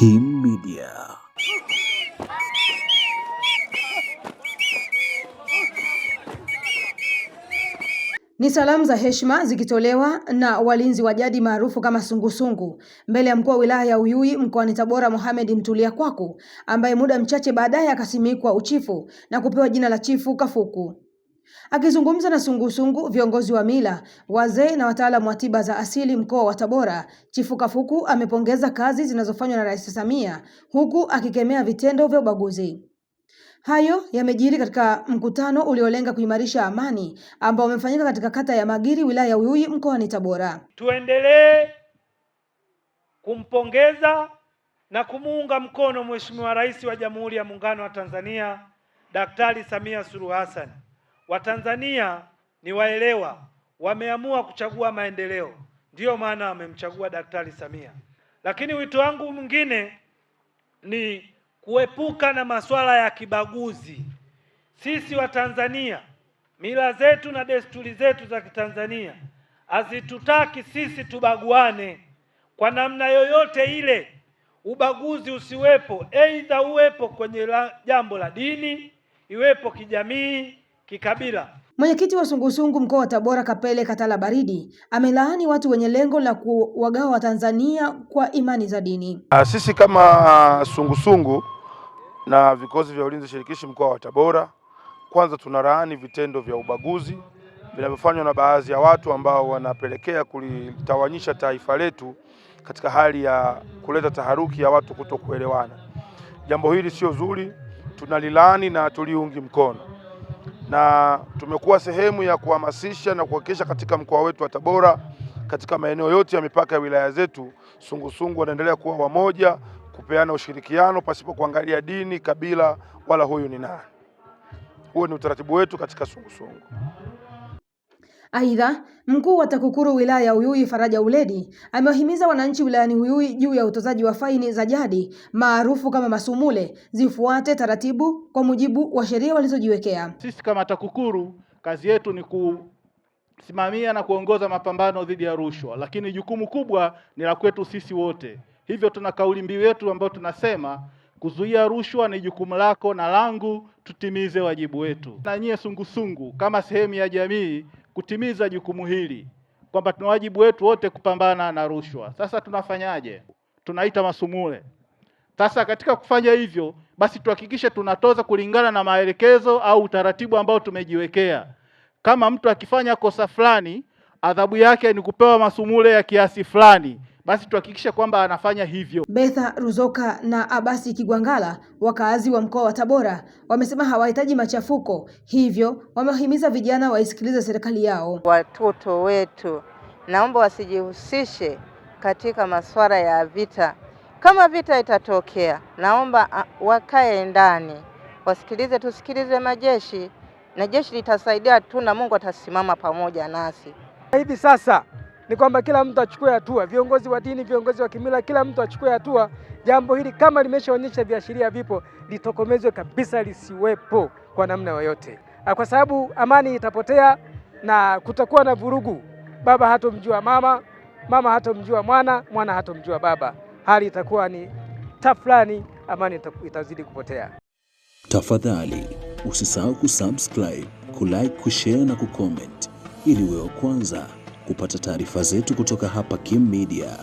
Kim Media. Ni salamu za heshima zikitolewa na walinzi wa jadi maarufu kama sungusungu mbele ya mkuu wa wilaya ya Uyui mkoani Tabora Mohamed Mtulia Kwaku ambaye muda mchache baadaye akasimikwa uchifu na kupewa jina la Chifu Kafuku. Akizungumza na sungusungu, viongozi wa mila, wazee na wataalamu wa tiba za asili mkoa wa Tabora, Chifu Kafuku amepongeza kazi zinazofanywa na Rais Samia huku akikemea vitendo vya ubaguzi. Hayo yamejiri katika mkutano uliolenga kuimarisha amani ambao umefanyika katika kata ya Magiri, wilaya ya Uyui, mkoani Tabora. Tuendelee kumpongeza na kumuunga mkono Mheshimiwa Rais wa Jamhuri ya Muungano wa Tanzania Daktari Samia Suluhu Hassan Watanzania ni waelewa, wameamua kuchagua maendeleo, ndiyo maana wamemchagua Daktari Samia. Lakini wito wangu mwingine ni kuepuka na masuala ya kibaguzi. Sisi Watanzania, mila zetu na desturi zetu za Kitanzania hazitutaki sisi tubaguane kwa namna yoyote ile. Ubaguzi usiwepo, aidha uwepo kwenye la, jambo la dini, iwepo kijamii, kikabila. Mwenyekiti wa sungusungu mkoa wa Tabora Kapele Katala Baridi amelaani watu wenye lengo la kuwagawa Watanzania kwa imani za dini. Ah, sisi kama sungusungu na vikosi vya ulinzi shirikishi mkoa wa Tabora, kwanza tunalaani vitendo vya ubaguzi vinavyofanywa na baadhi ya watu ambao wanapelekea kulitawanyisha taifa letu katika hali ya kuleta taharuki ya watu kutokuelewana. Jambo hili sio zuri, tunalilaani na tuliungi mkono na tumekuwa sehemu ya kuhamasisha na kuhakikisha katika mkoa wetu wa Tabora, katika maeneo yote ya mipaka ya wilaya zetu, sungusungu wanaendelea kuwa wamoja, kupeana ushirikiano pasipo kuangalia dini, kabila wala huyu ni nani. Huo ni utaratibu wetu katika sungusungu. Aidha, mkuu wa TAKUKURU wilaya ya Uyui Faraja Uledi amewahimiza wananchi wilayani Uyui juu ya utozaji wa faini za jadi maarufu kama masumule zifuate taratibu kwa mujibu wa sheria walizojiwekea. Sisi kama TAKUKURU kazi yetu ni kusimamia na kuongoza mapambano dhidi ya rushwa, lakini jukumu kubwa ni la kwetu sisi wote. Hivyo tuna kauli mbiu yetu ambayo tunasema kuzuia rushwa ni jukumu lako na langu, tutimize wajibu wetu. Na nyie sungusungu, kama sehemu ya jamii kutimiza jukumu hili kwamba tuna wajibu wetu wote kupambana na rushwa. Sasa tunafanyaje? Tunaita masumule. Sasa katika kufanya hivyo, basi tuhakikishe tunatoza kulingana na maelekezo au utaratibu ambao tumejiwekea. Kama mtu akifanya kosa fulani, adhabu yake ni kupewa masumule ya kiasi fulani basi tuhakikishe kwamba anafanya hivyo. Betha Ruzoka na Abasi Kigwangala, wakaazi wa mkoa wa Tabora, wamesema hawahitaji machafuko, hivyo wamewahimiza vijana waisikilize serikali yao. Watoto wetu naomba wasijihusishe katika masuala ya vita. Kama vita itatokea, naomba wakae ndani, wasikilize, tusikilize majeshi na jeshi litasaidia tu, na Mungu atasimama pamoja nasi. Hivi sasa ni kwamba kila mtu achukue hatua, viongozi wa dini, viongozi wa kimila, kila mtu achukue hatua. Jambo hili kama limeshaonyesha viashiria vipo, litokomezwe kabisa, lisiwepo kwa namna yoyote, ah, kwa sababu amani itapotea na kutakuwa na vurugu. Baba hatomjua mama, mama hatomjua mwana, mwana hatomjua baba. Hali itakuwa ni tafrani, amani itazidi kupotea. Tafadhali usisahau kusubscribe, kulike, kushare na kucomment ili wewe kwanza kupata taarifa zetu kutoka hapa Kim Media.